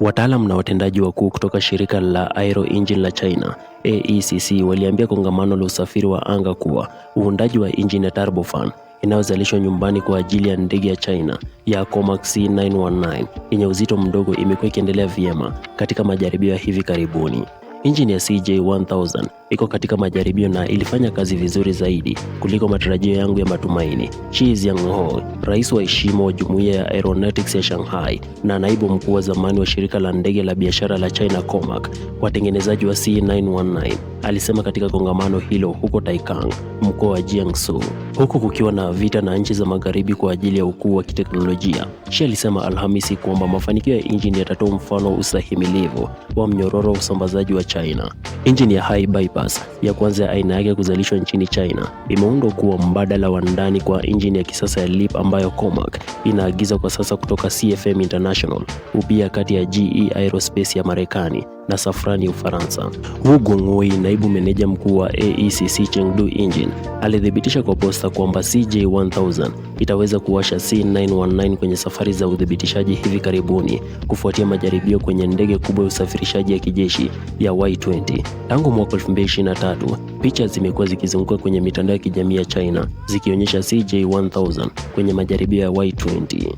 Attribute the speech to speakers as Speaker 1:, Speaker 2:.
Speaker 1: Wataalam na watendaji wakuu kutoka shirika la Aero Engine la China AECC waliambia kongamano la usafiri wa anga kuwa uundaji wa injini ya turbofan inayozalishwa nyumbani kwa ajili ya ndege ya China ya Comac C919 yenye uzito mdogo imekuwa ikiendelea vyema katika majaribio ya hivi karibuni. Injini ya CJ1000 iko katika majaribio na ilifanya kazi vizuri zaidi kuliko matarajio yangu ya matumaini. Shi Ziangho, rais wa heshima wa jumuiya ya aeronautics ya Shanghai na naibu mkuu wa zamani wa shirika la ndege la biashara la China Comac, watengenezaji wa C919 alisema katika kongamano hilo huko Taikang, mkoa wa Jiangsu, huku kukiwa na vita na nchi za magharibi kwa ajili ya ukuu wa kiteknolojia. Shi alisema Alhamisi kwamba mafanikio ya injini yatatoa mfano ustahimilivu wa mnyororo wa usambazaji wa China. Injini ya Hai Bai Airbus ya kwanza ya aina yake kuzalishwa nchini China imeundwa kuwa mbadala wa ndani kwa injini ya kisasa ya LEAP ambayo Comac inaagiza kwa sasa kutoka CFM International, upia kati ya GE Aerospace ya Marekani na safrani Ufaransa. Wu Gongwei, naibu meneja mkuu wa AECC Chengdu Engine, alithibitisha kwa posta kwamba CJ1000 itaweza kuwasha C919 kwenye safari za udhibitishaji hivi karibuni kufuatia majaribio kwenye ndege kubwa ya usafirishaji ya kijeshi ya Y20. Tangu mwaka 2023, picha zimekuwa zikizunguka kwenye mitandao ya kijamii ya China zikionyesha CJ1000 kwenye majaribio ya Y20.